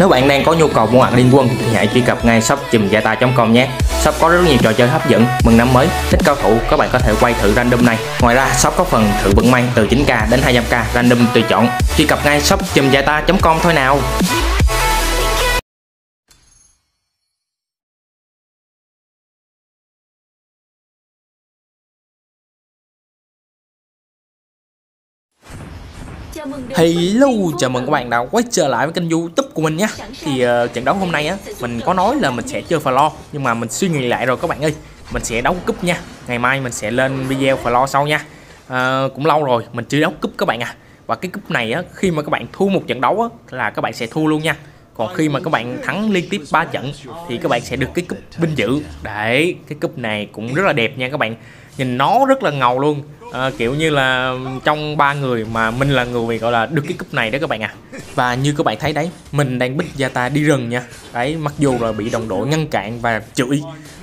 Nếu bạn đang có nhu cầu mua hàng liên quân thì hãy truy cập ngay shop chùm com nhé. Shop có rất nhiều trò chơi hấp dẫn, mừng năm mới, thích cao thủ các bạn có thể quay thử random này. Ngoài ra shop có phần thử vận may từ 9k đến 200k random tùy chọn. Truy cập ngay shop chùm com thôi nào. Hello, chào mừng các bạn đã quay trở lại với kênh youtube của mình nhé Thì uh, trận đấu hôm nay á, mình có nói là mình sẽ chơi Flo Nhưng mà mình suy nghĩ lại rồi các bạn ơi Mình sẽ đấu cúp nha Ngày mai mình sẽ lên video Flo sau nha uh, Cũng lâu rồi, mình chưa đấu cúp các bạn à Và cái cúp này á, khi mà các bạn thua một trận đấu á, là các bạn sẽ thua luôn nha còn khi mà các bạn thắng liên tiếp 3 trận thì các bạn sẽ được cái cúp binh dự đấy cái cúp này cũng rất là đẹp nha các bạn nhìn nó rất là ngầu luôn à, kiểu như là trong ba người mà mình là người gọi là được cái cúp này đó các bạn à và như các bạn thấy đấy mình đang bích gia ta đi rừng nha đấy mặc dù là bị đồng đội ngăn cản và chửi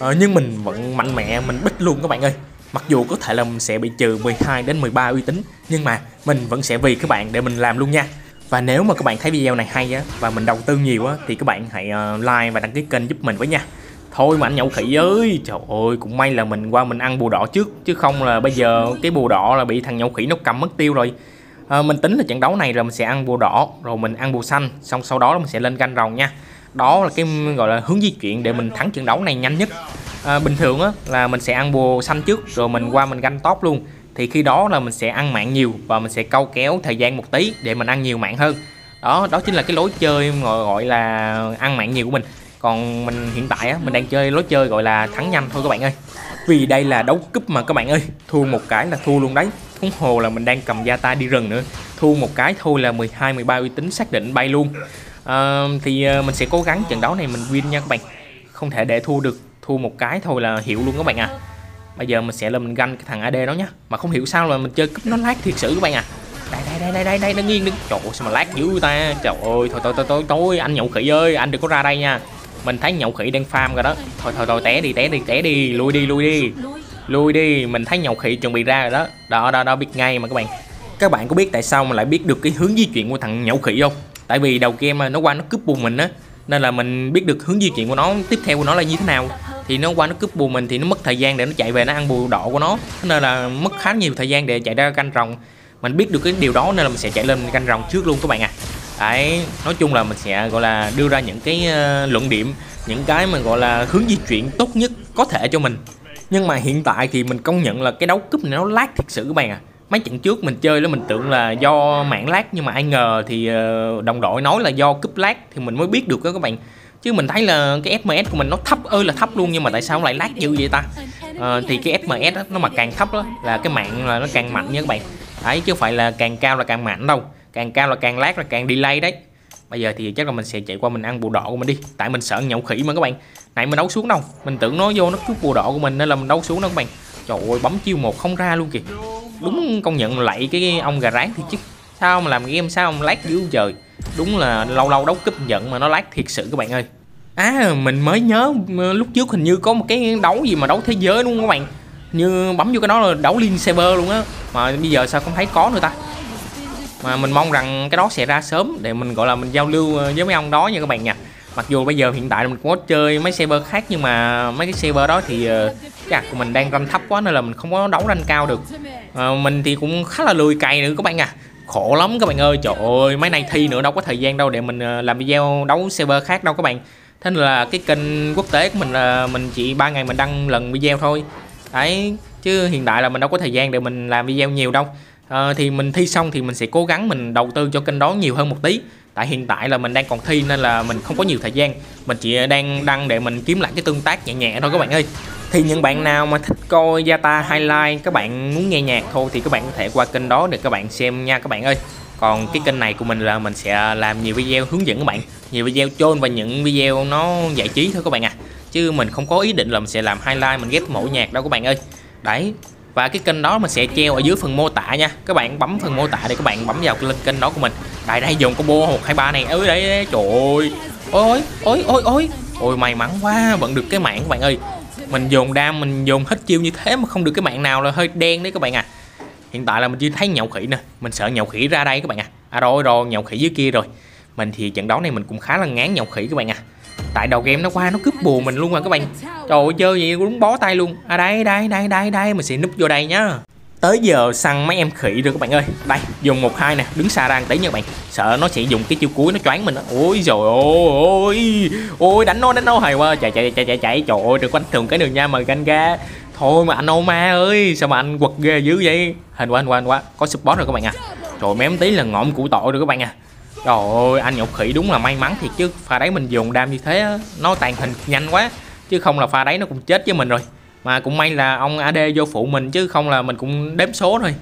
à, nhưng mình vẫn mạnh mẽ mình bích luôn các bạn ơi mặc dù có thể là mình sẽ bị trừ 12 đến 13 uy tín nhưng mà mình vẫn sẽ vì các bạn để mình làm luôn nha và nếu mà các bạn thấy video này hay á và mình đầu tư nhiều á thì các bạn hãy ờ, like và đăng ký kênh giúp mình với nha Thôi mà anh nhậu khỉ ơi Trời ơi cũng may là mình qua mình ăn bù đỏ trước Chứ không là bây giờ cái bù đỏ là bị thằng nhậu khỉ nó cầm mất tiêu rồi à, Mình tính là trận đấu này là mình sẽ ăn bù đỏ Rồi mình ăn bù xanh Xong sau đó là mình sẽ lên canh rồng nha Đó là cái gọi là hướng di chuyển để mình thắng trận đấu này nhanh nhất à, Bình thường á là mình sẽ ăn bù xanh trước Rồi mình qua mình ganh top luôn Thì khi đó là mình sẽ ăn mạng nhiều Và mình sẽ câu kéo thời gian một tí để mình ăn nhiều mạng hơn đó đó chính là cái lối chơi gọi là ăn mạng nhiều của mình còn mình hiện tại á, mình đang chơi lối chơi gọi là thắng nhanh thôi các bạn ơi vì đây là đấu cúp mà các bạn ơi thua một cái là thua luôn đấy huống hồ là mình đang cầm gia ta đi rừng nữa thua một cái thôi là 12 13 uy tín xác định bay luôn à, thì ờ, mình sẽ cố gắng trận đấu này mình win nha các bạn không thể để thua được thua một cái thôi là hiểu luôn các bạn à bây giờ mình sẽ là mình ganh cái thằng AD đó nhá mà không hiểu sao là mình chơi cúp nó lát thiệt sự các bạn à đây đây đây đây đây đây nó nghiêng đứng trời ơi, sao mà lát dữ ta trời ơi thôi thôi thôi thôi, thôi anh nhậu khỉ ơi anh đừng có ra đây nha mình thấy nhậu khỉ đang farm rồi đó thôi thôi thôi té đi té đi té đi lui đi lui đi lui đi mình thấy nhậu khỉ chuẩn bị ra rồi đó đó đó đó biết ngay mà các bạn các bạn có biết tại sao mà lại biết được cái hướng di chuyển của thằng nhậu khỉ không tại vì đầu game nó qua nó cướp bùn mình á nên là mình biết được hướng di chuyển của nó tiếp theo của nó là như thế nào thì nó qua nó cướp bùn mình thì nó mất thời gian để nó chạy về nó ăn bùn đỏ của nó nên là mất khá nhiều thời gian để chạy ra canh rồng mình biết được cái điều đó nên là mình sẽ chạy lên canh rồng trước luôn các bạn à đấy nói chung là mình sẽ gọi là đưa ra những cái uh, luận điểm những cái mà gọi là hướng di chuyển tốt nhất có thể cho mình nhưng mà hiện tại thì mình công nhận là cái đấu cúp này nó lag thật sự các bạn à mấy trận trước mình chơi đó mình tưởng là do mạng lag nhưng mà ai ngờ thì uh, đồng đội nói là do cúp lag thì mình mới biết được đó các bạn chứ mình thấy là cái fms của mình nó thấp ơi là thấp luôn nhưng mà tại sao lại lag như vậy ta à, thì cái fms đó, nó mà càng thấp đó là cái mạng là nó càng mạnh nha các bạn đấy chứ không phải là càng cao là càng mạnh đâu càng cao là càng lát là càng delay đấy bây giờ thì chắc là mình sẽ chạy qua mình ăn bùa đỏ của mình đi tại mình sợ nhậu khỉ mà các bạn nãy mình đấu xuống đâu mình tưởng nó vô nó cướp bùa đỏ của mình nên là mình đấu xuống đó các bạn trời ơi bấm chiêu một không ra luôn kìa đúng công nhận lạy cái ông gà rán thì chứ sao mà làm game sao ông lát dữ trời đúng là lâu lâu đấu cúp giận mà nó lát thiệt sự các bạn ơi à mình mới nhớ ờ, lúc trước hình như có một cái đấu gì mà đấu thế giới đúng không các bạn như bấm vô cái đó là đấu liên server luôn á mà bây giờ sao không thấy có nữa ta mà mình mong rằng cái đó sẽ ra sớm để mình gọi là mình giao lưu ờ, với mấy ông đó nha các bạn nha mặc dù bây giờ hiện tại mình cũng có chơi mấy server khác nhưng mà mấy cái server đó thì ờ, cái của mình đang rank thấp quá nên là mình không có đấu rank cao được à, mình thì cũng khá là lười cày nữa các bạn à khổ lắm các bạn ơi trời ơi mấy này thi nữa đâu có thời gian đâu để mình làm video đấu server khác đâu các bạn thế nên là cái kênh quốc tế của mình là mình chỉ ba ngày mình đăng lần video thôi đấy chứ hiện tại là mình đâu có thời gian để mình làm video nhiều đâu à, thì mình thi xong thì mình sẽ cố gắng mình đầu tư cho kênh đó nhiều hơn một tí tại hiện tại là mình đang còn thi nên là mình không có nhiều thời gian mình chỉ đang đăng để mình kiếm lại cái tương tác nhẹ nhẹ thôi các bạn ơi thì những bạn nào mà thích coi Yata Highlight các bạn muốn nghe nhạc thôi thì các bạn có thể qua kênh đó để các bạn xem nha các bạn ơi còn cái kênh này của mình là mình sẽ làm nhiều video hướng dẫn các bạn nhiều video chôn và những video nó giải trí thôi các bạn à chứ mình không có ý định là mình sẽ làm highlight mình ghép mẫu nhạc đâu các bạn ơi đấy và cái kênh đó mình sẽ treo ở dưới phần mô tả nha các bạn bấm phần mô tả để các bạn bấm vào cái kênh đó của mình đây đây dùng combo một hai ba này ơi đấy, trời ơi ôi ôi ôi ôi ôi may mắn quá vẫn được cái mạng các bạn ơi mình dùng đam mình dùng hết chiêu như thế mà không được cái mạng nào là hơi đen đấy các bạn à hiện tại là mình chưa thấy nhậu khỉ nè mình sợ nhậu khỉ ra đây các bạn à à rồi rồi nhậu khỉ dưới kia rồi mình thì trận đấu này mình cũng khá là ngán nhậu khỉ các bạn à tại đầu game nó qua nó cướp bùa mình luôn mà các bạn trời ơi chơi vậy đúng bó tay luôn à đây đây đây đây đây mình sẽ núp vô đây nhá tới giờ săn mấy em khỉ rồi các bạn ơi đây dùng một hai nè đứng xa ra tí nha các bạn sợ nó sẽ dùng cái chiêu cuối nó choáng mình đó. ôi rồi ôi ôi đánh nó đánh nó hài quá chạy chạy chạy chạy chạy trời ơi đừng có thường cái đường nha mà ganh ra thôi mà anh ô ma ơi sao mà anh quật ghê dữ vậy hình quá hình quá hình quá có support rồi các bạn à trời mấy tí là ngõm củ tội rồi các bạn à Trời ơi anh Ngọc khỉ đúng là may mắn thiệt chứ Pha đấy mình dùng đam như thế nó tàn hình nhanh quá Chứ không là pha đấy nó cũng chết với mình rồi Mà cũng may là ông AD vô phụ mình chứ không là mình cũng đếm số thôi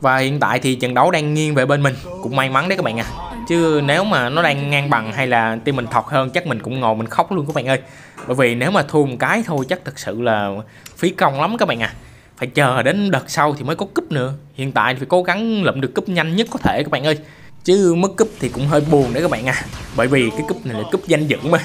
Và hiện tại thì trận đấu đang nghiêng về bên mình Cũng may mắn đấy các bạn à Chứ nếu mà nó đang ngang bằng hay là team mình thọt hơn chắc mình cũng ngồi mình khóc luôn các bạn ơi Bởi vì nếu mà thua một cái thôi chắc thật sự là phí công lắm các bạn à phải chờ đến đợt sau thì mới có cúp nữa hiện tại thì phải cố gắng lượm được cúp nhanh nhất có thể các bạn ơi chứ mất cúp thì cũng hơi buồn đấy các bạn à bởi vì cái cúp này là cúp danh dự mà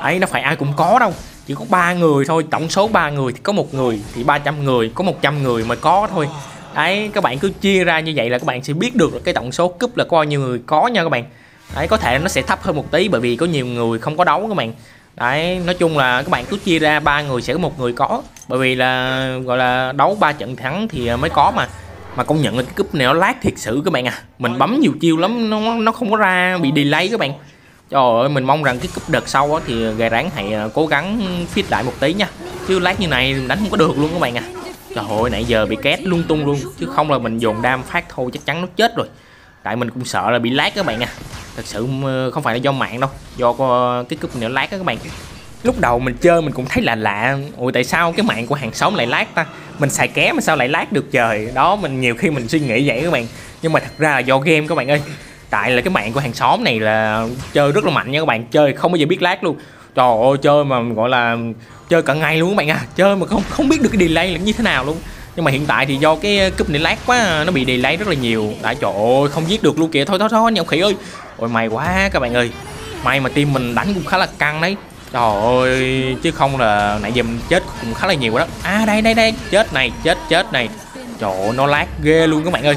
ấy nó phải ai cũng có đâu chỉ có ba người thôi tổng số ba người thì có một người thì 300 người có 100 người mới có thôi ấy các bạn cứ chia ra như vậy là các bạn sẽ biết được cái tổng số cúp là có bao nhiêu người có nha các bạn ấy có thể nó sẽ thấp hơn một tí bởi vì có nhiều người không có đấu các bạn đấy nói chung là các bạn cứ chia ra ba người sẽ có một người có bởi vì là gọi là đấu ba trận thắng thì mới có mà mà công nhận là cái cúp này nó lát thiệt sự các bạn à mình bấm nhiều chiêu lắm nó nó không có ra bị delay các bạn trời ơi mình mong rằng cái cúp đợt sau thì gà ráng hãy à, cố gắng fit lại một tí nha chứ lát như này đánh không có được luôn các bạn à trời ơi nãy giờ bị két lung tung luôn chứ không là mình dồn đam phát thôi chắc chắn nó chết rồi tại mình cũng sợ là bị lát các bạn à thật sự ờ, không phải là do mạng đâu do ờ, cái cúp này nó lát các bạn lúc đầu mình chơi mình cũng thấy là lạ ủa tại sao cái mạng của hàng xóm lại lát ta mình xài ké mà sao lại lát được trời đó mình nhiều khi mình suy nghĩ vậy các bạn nhưng mà thật ra là do game các bạn ơi tại là cái mạng của hàng xóm này là chơi rất là mạnh nha các bạn chơi không bao giờ biết lát luôn trời ơi chơi mà gọi là chơi cả ngày luôn các bạn à chơi mà không không biết được cái delay là như thế nào luôn nhưng mà hiện tại thì do cái cúp này lát quá nó bị delay rất là nhiều đã trời ơi không giết được luôn kìa thôi thôi thôi nha khỉ ơi ôi may quá các bạn ơi may mà team mình đánh cũng khá là căng đấy Trời ơi, chứ không là nãy giờ mình chết cũng khá là nhiều đó. À đây đây đây, chết này, chết chết này. Trời ơi, nó lát ghê luôn các bạn ơi.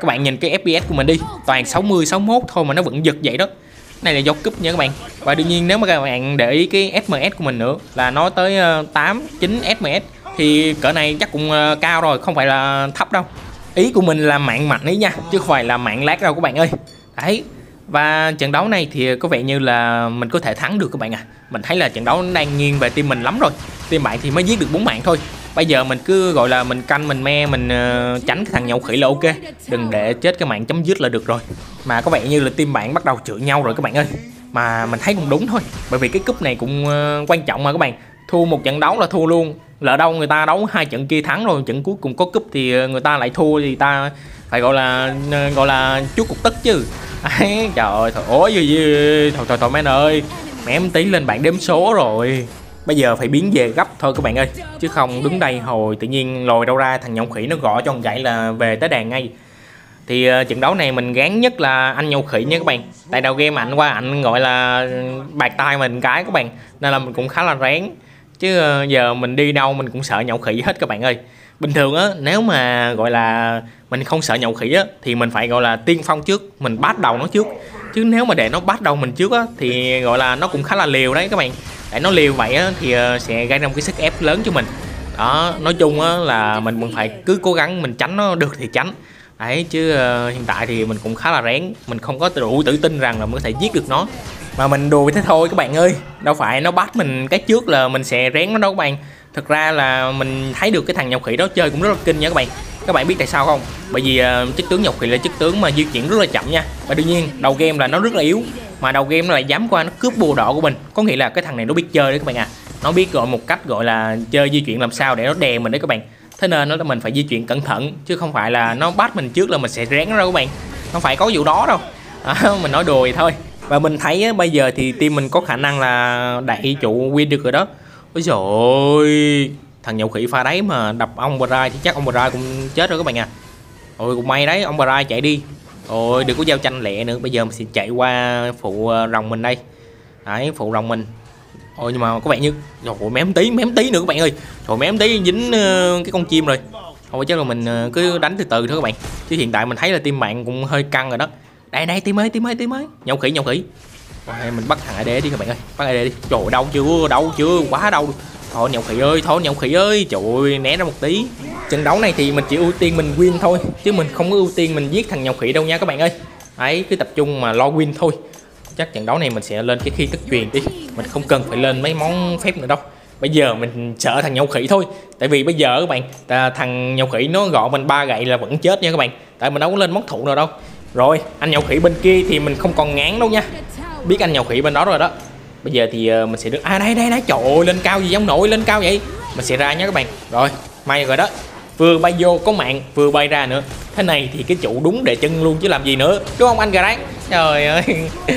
Các bạn nhìn cái FPS của mình đi, toàn 60 61 thôi mà nó vẫn giật vậy đó. Này là do cúp nha các bạn. Và đương nhiên nếu mà các bạn để ý cái FPS của mình nữa là nó tới 8 9 FPS thì cỡ này chắc cũng ờ, cao rồi, không phải là thấp đâu. Ý của mình là mạng mạnh ấy nha, chứ không phải là mạng lát đâu các bạn ơi. Đấy, và trận đấu này thì có vẻ như là mình có thể thắng được các bạn à Mình thấy là trận đấu đang nghiêng về team mình lắm rồi Team bạn thì mới giết được bốn mạng thôi Bây giờ mình cứ gọi là mình canh mình me mình uh, tránh cái thằng nhậu khỉ là ok Đừng để chết cái mạng chấm dứt là được rồi Mà có vẻ như là team bạn bắt đầu chửi nhau rồi các bạn ơi Mà mình thấy cũng đúng thôi Bởi vì cái cúp này cũng uh, quan trọng mà các bạn Thua một trận đấu là thua luôn Lỡ đâu người ta đấu hai trận kia thắng rồi Trận cuối cùng có cúp thì ờ, người ta lại thua thì ta phải gọi là gọi là chút cục tức chứ ấy trời ơi thôi ối gì gì thôi thôi thôi men ơi mẹ em tí lên bạn đếm số rồi bây giờ phải biến về gấp thôi các bạn ơi chứ không đứng đây hồi tự nhiên lồi đâu ra thằng nhậu khỉ nó gõ cho con gậy là về tới đàn ngay thì uh, trận đấu này mình gán nhất là anh nhậu khỉ nha các bạn tại đầu game ảnh qua ảnh gọi là bạc tay mình cái các bạn nên là mình cũng khá là rén chứ uh, giờ mình đi đâu mình cũng sợ nhậu khỉ hết các bạn ơi bình thường á nếu mà gọi là mình không sợ nhậu khỉ á thì mình phải gọi là tiên phong trước mình bắt đầu nó trước chứ nếu mà để nó bắt đầu mình trước á thì gọi là nó cũng khá là liều đấy các bạn để nó liều vậy á thì ờ, sẽ gây ra một cái sức ép lớn cho mình đó nói chung á là mình vẫn phải cứ cố gắng mình tránh nó được thì tránh ấy chứ uh, hiện tại thì mình cũng khá là rén mình không có đủ tự tin rằng là mình có thể giết được nó mà mình đùi thế thôi các bạn ơi đâu phải nó bắt mình cái trước là mình sẽ rén nó đâu các bạn thực ra là mình thấy được cái thằng nhọc khỉ đó chơi cũng rất là kinh nha các bạn các bạn biết tại sao không bởi vì uh, chức tướng nhọc khỉ là chức tướng mà di chuyển rất là chậm nha và đương nhiên đầu game là nó rất là yếu mà đầu game nó lại dám qua nó cướp bùa đỏ của mình có nghĩa là cái thằng này nó biết chơi đấy các bạn à. nó biết gọi một cách gọi là chơi di chuyển làm sao để nó đè mình đấy các bạn thế nên nó là mình phải di chuyển cẩn thận chứ không phải là nó bắt mình trước là mình sẽ rén ra các bạn không phải có vụ đó đâu à, mình nói đùa vậy thôi và mình thấy á, bây giờ thì team mình có khả năng là đẩy trụ win được rồi đó Ôi trời ơi Thằng nhậu khỉ pha đấy mà đập ông bà rai thì chắc ông bà rai cũng chết rồi các bạn à Ôi cũng may đấy ông bà rai chạy đi Ôi đừng có giao tranh lẹ nữa Bây giờ mình sẽ chạy qua phụ ờ, rồng mình đây Đấy phụ rồng mình Ôi nhưng mà các bạn như Trời mém tí mém tí nữa các bạn ơi Trời mém tí dính ờ, cái con chim rồi Thôi chắc là mình ờ, cứ đánh từ từ thôi các bạn Chứ hiện tại mình thấy là team mạng cũng hơi căng rồi đó Đây đây team ơi team ơi team ơi Nhậu khỉ nhậu khỉ rồi, mình bắt thằng AD đi các bạn ơi bắt AD đi trời đau chưa đau chưa quá đau thôi nhậu khỉ ơi thôi nhậu khỉ ơi trời ơi né ra một tí trận đấu này thì mình chỉ ưu tiên mình win thôi chứ mình không có ưu tiên mình giết thằng nhậu khỉ đâu nha các bạn ơi ấy cứ tập trung mà lo win thôi chắc trận đấu này mình sẽ lên cái khi tức truyền đi mình không cần phải lên mấy món phép nữa đâu bây giờ mình sợ thằng nhậu khỉ thôi tại vì bây giờ các bạn thằng nhậu khỉ nó gọi mình ba gậy là vẫn chết nha các bạn tại mình đâu có lên món thủ nào đâu rồi anh nhậu khỉ bên kia thì mình không còn ngán đâu nha biết anh nhậu khỉ bên đó rồi đó bây giờ thì ờ, mình sẽ được. à đây đây đây trời ơi lên cao gì giống nội lên cao vậy mình sẽ ra nhé các bạn rồi may rồi đó vừa bay vô có mạng vừa bay ra nữa thế này thì cái trụ đúng để chân luôn chứ làm gì nữa đúng không anh gà đấy trời ơi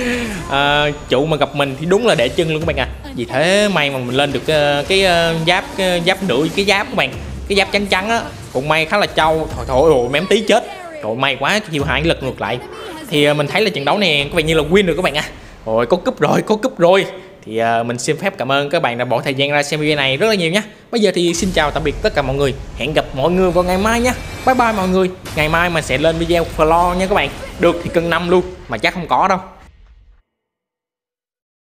à, trụ mà gặp mình thì đúng là để chân luôn các bạn à vì thế may mà mình lên được ờ, cái, ờ, cái giáp cái giáp nửa cái giáp các bạn cái giáp trắng trắng á cũng may khá là trâu thôi thôi ôi mém tí chết trời may quá chịu hại lực ngược lại thì mình thấy là trận đấu này có vẻ như là win được các bạn à Ôi có cúp rồi, có cúp rồi Thì à, mình xin phép cảm ơn các bạn đã bỏ thời gian ra xem video này rất là nhiều nhé Bây giờ thì xin chào tạm biệt tất cả mọi người Hẹn gặp mọi người vào ngày mai nhé Bye bye mọi người Ngày mai mình sẽ lên video floor nha các bạn Được thì cân năm luôn Mà chắc không có đâu